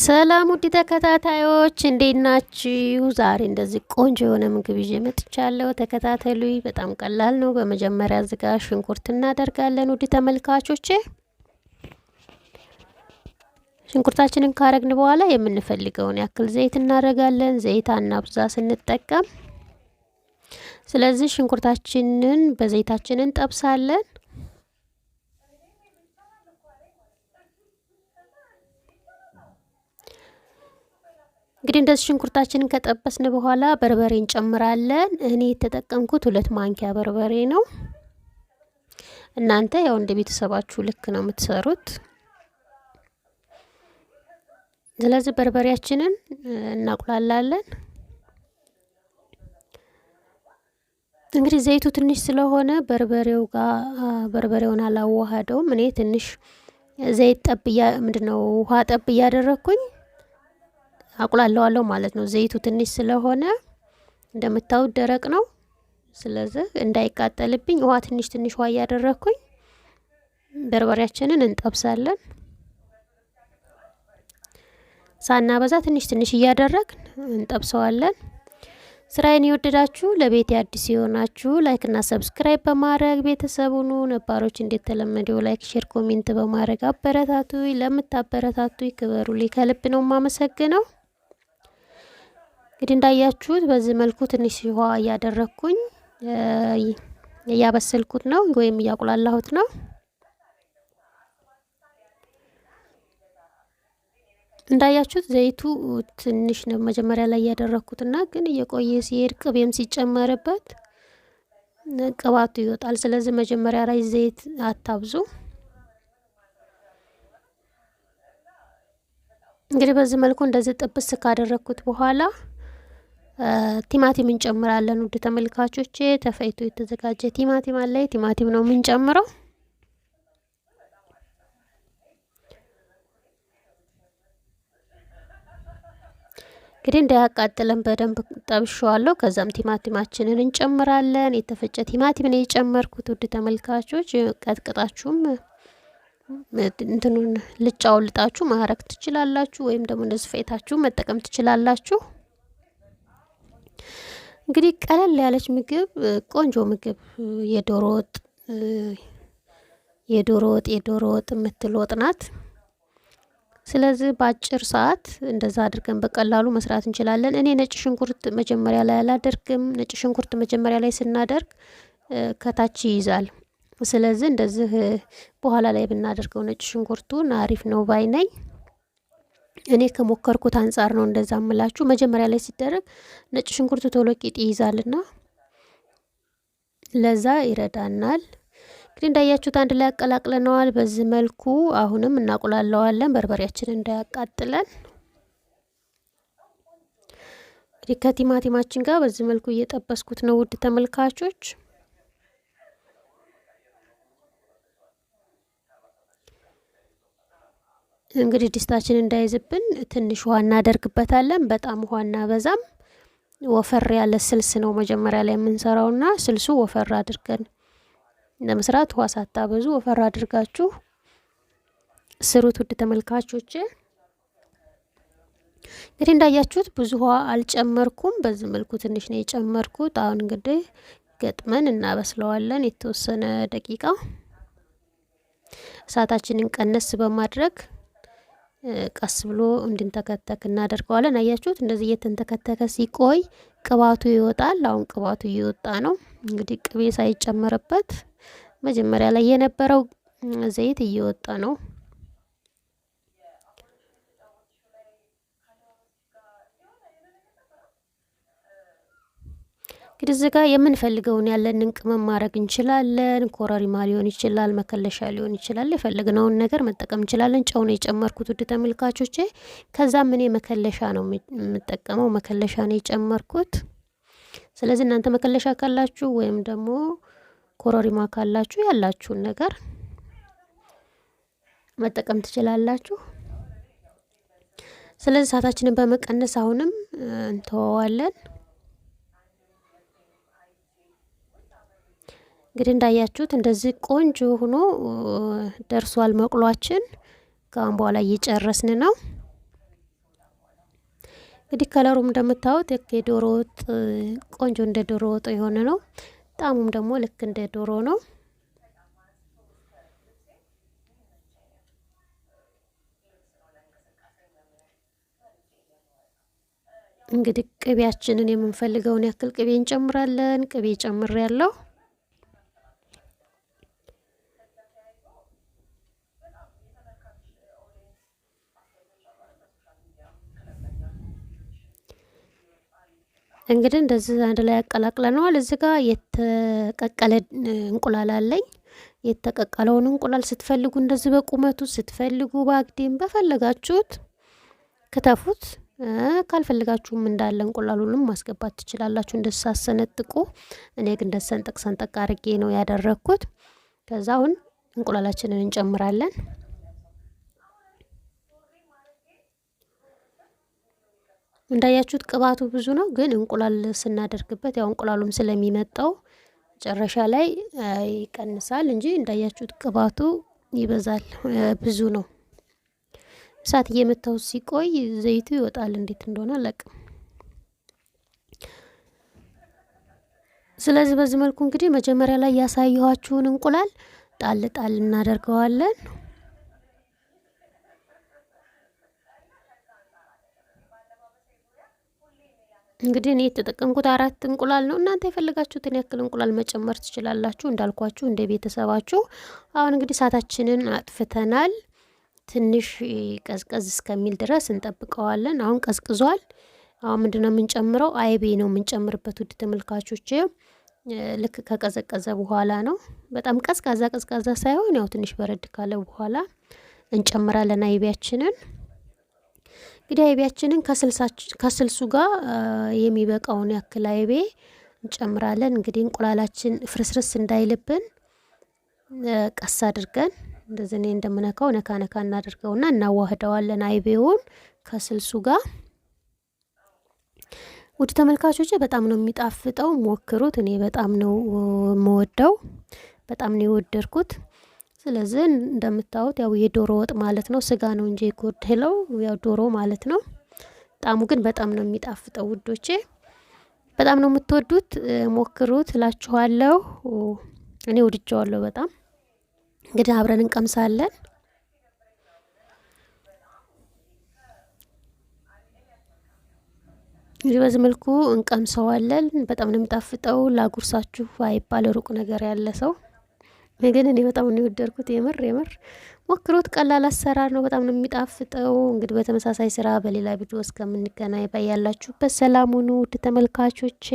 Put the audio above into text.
ሰላም ውድ ተከታታዮች እንዴት ናችሁ? ዛሬ እንደዚህ ቆንጆ የሆነ ምግብ ይዤ መጥቻለሁ። ተከታተሉኝ። በጣም ቀላል ነው። በመጀመሪያ ዝጋ ሽንኩርት እናደርጋለን። ውድ ተመልካቾቼ ሽንኩርታችንን ካረግን በኋላ የምንፈልገውን ያክል ዘይት እናደርጋለን። ዘይት አናብዛ ስንጠቀም። ስለዚህ ሽንኩርታችንን በዘይታችን እንጠብሳለን። እንግዲህ እንደዚህ ሽንኩርታችንን ከጠበስን በኋላ በርበሬ እንጨምራለን። እኔ የተጠቀምኩት ሁለት ማንኪያ በርበሬ ነው። እናንተ ያው እንደ ቤተሰባችሁ ልክ ነው የምትሰሩት። ስለዚህ በርበሬያችንን እናቁላላለን። እንግዲህ ዘይቱ ትንሽ ስለሆነ በርበሬው ጋር በርበሬውን አላዋሃደውም። እኔ ትንሽ ዘይት ጠብ ምንድነው ውሃ ጠብ እያደረግኩኝ አቁላለዋለሁ ማለት ነው። ዘይቱ ትንሽ ስለሆነ እንደምታዩት ደረቅ ነው። ስለዚህ እንዳይቃጠልብኝ ውሃ ትንሽ ትንሽ ውሃ እያደረግኩኝ በርበሬያችንን እንጠብሳለን። ሳና በዛ ትንሽ ትንሽ እያደረግን እንጠብሰዋለን። ስራዬን የወደዳችሁ ለቤት አዲስ የሆናችሁ ላይክና ሰብስክራይብ በማድረግ ቤተሰቡኑ ነባሮች እንደተለመደው ላይክ፣ ሼር፣ ኮሜንት በማድረግ አበረታቱ። ለምታበረታቱ ክበሩ፣ ከልብ ነው የማመሰግነው። እንግዲህ እንዳያችሁት በዚህ መልኩ ትንሽ ውሃ እያደረግኩኝ እያበሰልኩት ነው ወይም እያቁላላሁት ነው። እንዳያችሁት ዘይቱ ትንሽ ነው መጀመሪያ ላይ እያደረግኩትና ግን እየቆየ ሲሄድ ቅቤም ሲጨመርበት ቅባቱ ይወጣል። ስለዚህ መጀመሪያ ላይ ዘይት አታብዙ። እንግዲህ በዚህ መልኩ እንደዚህ ጥብስ ካደረግኩት በኋላ ቲማቲም እንጨምራለን። ውድ ተመልካቾች ተፈይቶ የተዘጋጀ ቲማቲም አለ። ቲማቲም ነው የምንጨምረው። እንግዲህ እንዳያቃጥለን በደንብ ጠብሸዋለሁ። ከዛም ቲማቲማችንን እንጨምራለን። የተፈጨ ቲማቲም ነው የጨመርኩት። ውድ ተመልካቾች ቀጥቅጣችሁም እንትኑን ልጫውልጣችሁ ማረግ ትችላላችሁ፣ ወይም ደግሞ እንደዚህ መጠቀም ትችላላችሁ። እንግዲህ ቀለል ያለች ምግብ ቆንጆ ምግብ የዶሮ ወጥ የዶሮ ወጥ የዶሮ ወጥ የምትል ወጥ ናት። ስለዚህ በአጭር ሰዓት እንደዛ አድርገን በቀላሉ መስራት እንችላለን። እኔ ነጭ ሽንኩርት መጀመሪያ ላይ አላደርግም። ነጭ ሽንኩርት መጀመሪያ ላይ ስናደርግ ከታች ይይዛል። ስለዚህ እንደዚህ በኋላ ላይ ብናደርገው ነጭ ሽንኩርቱን አሪፍ ነው ባይ ነኝ። እኔ ከሞከርኩት አንጻር ነው እንደዛ ምላችሁ። መጀመሪያ ላይ ሲደረግ ነጭ ሽንኩርት ቶሎ ቂጥ ይይዛልና ለዛ ይረዳናል። እንግዲህ እንዳያችሁት አንድ ላይ ያቀላቅለነዋል። በዚህ መልኩ አሁንም እናቁላለዋለን፣ በርበሬያችን እንዳያቃጥለን። እንግዲህ ከቲማቲማችን ጋር በዚህ መልኩ እየጠበስኩት ነው ውድ ተመልካቾች። እንግዲህ ድስታችን እንዳይዝብን ትንሽ ውሃ እናደርግበታለን። በጣም ውሃ እናበዛም። ወፈር ያለ ስልስ ነው መጀመሪያ ላይ የምንሰራውና ስልሱ ወፈር አድርገን ለመስራት ውሃ ሳታበዙ ወፈር አድርጋችሁ ስሩት። ውድ ተመልካቾች እንግዲህ እንዳያችሁት ብዙ ውሃ አልጨመርኩም። በዚህ መልኩ ትንሽ ነው የጨመርኩት። አሁን እንግዲህ ገጥመን እናበስለዋለን የተወሰነ ደቂቃ እሳታችንን ቀነስ በማድረግ ቀስ ብሎ እንድንተከተክ እናደርገዋለን። አያችሁት? እንደዚህ እየተንተከተከ ሲቆይ ቅባቱ ይወጣል። አሁን ቅባቱ እየወጣ ነው። እንግዲህ ቅቤ ሳይጨመርበት መጀመሪያ ላይ የነበረው ዘይት እየወጣ ነው። እንግዲህ እዚህ ጋር የምንፈልገውን ያለንን ቅመም ማድረግ እንችላለን። ኮረሪማ ሊሆን ይችላል፣ መከለሻ ሊሆን ይችላል። የፈለግነውን ነገር መጠቀም እንችላለን። ጨው ነው የጨመርኩት ውድ ተመልካቾቼ። ከዛም እኔ መከለሻ ነው የምጠቀመው፣ መከለሻ ነው የጨመርኩት። ስለዚህ እናንተ መከለሻ ካላችሁ ወይም ደግሞ ኮረሪማ ካላችሁ ያላችሁን ነገር መጠቀም ትችላላችሁ። ስለዚህ እሳታችንን በመቀነስ አሁንም እንተወዋለን። እንግዲህ እንዳያችሁት እንደዚህ ቆንጆ ሆኖ ደርሷል መቅሏችን። ከአሁን በኋላ እየጨረስን ነው። እንግዲህ ከለሩም እንደምታዩት የዶሮ ወጥ ቆንጆ እንደ ዶሮ ወጥ የሆነ ነው። ጣሙም ደግሞ ልክ እንደ ዶሮ ነው። እንግዲህ ቅቤያችንን የምንፈልገውን ያክል ቅቤ እንጨምራለን። ቅቤ ጨምር ያለው እንግዲህ እንደዚህ አንድ ላይ ያቀላቅለነዋል። እዚህ ጋር የተቀቀለ እንቁላል አለኝ። የተቀቀለውን እንቁላል ስትፈልጉ እንደዚህ በቁመቱ ስትፈልጉ በአግድም በፈለጋችሁት ክተፉት። ካልፈልጋችሁም እንዳለ እንቁላሉንም ማስገባት ትችላላችሁ፣ እንደሳሰነጥቁ። እኔ ግን እንደሰንጠቅ ሰንጠቅ አድርጌ ነው ያደረግኩት። ከዛ አሁን እንቁላላችንን እንጨምራለን። እንዳያችሁት ቅባቱ ብዙ ነው፣ ግን እንቁላል ስናደርግበት ያው እንቁላሉም ስለሚመጣው መጨረሻ ላይ ይቀንሳል እንጂ እንዳያችሁት ቅባቱ ይበዛል፣ ብዙ ነው። እሳት እየመታው ሲቆይ ዘይቱ ይወጣል፣ እንዴት እንደሆነ አላቅም። ስለዚህ በዚህ መልኩ እንግዲህ መጀመሪያ ላይ ያሳየኋችሁን እንቁላል ጣል ጣል እናደርገዋለን። እንግዲህ እኔ የተጠቀምኩት አራት እንቁላል ነው። እናንተ የፈለጋችሁትን ያክል እንቁላል መጨመር ትችላላችሁ። እንዳልኳችሁ እንደ ቤተሰባችሁ። አሁን እንግዲህ እሳታችንን አጥፍተናል። ትንሽ ቀዝቀዝ እስከሚል ድረስ እንጠብቀዋለን። አሁን ቀዝቅዟል። አሁን ምንድነው የምንጨምረው? አይቤ ነው የምንጨምርበት ውድ ተመልካቾች። ልክ ከቀዘቀዘ በኋላ ነው። በጣም ቀዝቃዛ ቀዝቃዛ ሳይሆን ያው ትንሽ በረድ ካለ በኋላ እንጨምራለን አይቤያችንን እንግዲህ አይቤያችንን ከስልሱ ጋር የሚበቃውን ያክል አይቤ እንጨምራለን። እንግዲህ እንቁላላችን ፍርስርስ እንዳይልብን ቀስ አድርገን እንደዚህ እኔ እንደምነካው ነካ ነካ እናደርገውና እናዋህደዋለን አይቤውን ከስልሱ ጋር። ውድ ተመልካቾች በጣም ነው የሚጣፍጠው፣ ሞክሩት። እኔ በጣም ነው የምወደው፣ በጣም ነው የወደድኩት። ስለዚህ እንደምታዩት ያው የዶሮ ወጥ ማለት ነው። ስጋ ነው እንጂ የጎደለው ያው ዶሮ ማለት ነው። ጣሙ ግን በጣም ነው የሚጣፍጠው ውዶቼ። በጣም ነው የምትወዱት፣ ሞክሩት እላችኋለሁ። እኔ ወድጀዋለሁ በጣም። እንግዲህ አብረን እንቀምሳለን። እንግዲህ በዚህ መልኩ እንቀምሰዋለን። በጣም ነው የሚጣፍጠው። ላጉርሳችሁ አይባል ሩቅ ነገር ያለ ሰው ግን እኔ በጣም ነው የወደድኩት። የምር የምር ሞክሮት፣ ቀላል አሰራር ነው፣ በጣም ነው የሚጣፍጠው። እንግዲህ በተመሳሳይ ስራ በሌላ ቪዲዮ እስከምንገናኝ ባያላችሁበት ሰላም ሁኑ ውድ ተመልካቾቼ።